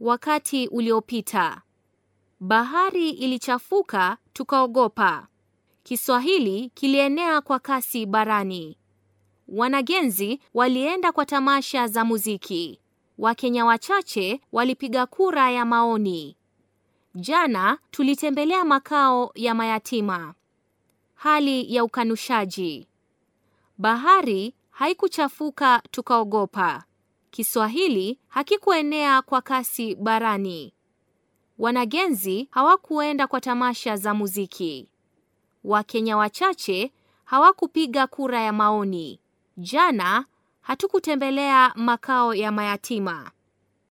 wakati uliopita. Bahari ilichafuka tukaogopa. Kiswahili kilienea kwa kasi barani. Wanagenzi walienda kwa tamasha za muziki. Wakenya wachache walipiga kura ya maoni. Jana tulitembelea makao ya mayatima. Hali ya ukanushaji. Bahari haikuchafuka tukaogopa. Kiswahili hakikuenea kwa kasi barani. Wanagenzi hawakuenda kwa tamasha za muziki. Wakenya wachache hawakupiga kura ya maoni. Jana hatukutembelea makao ya mayatima.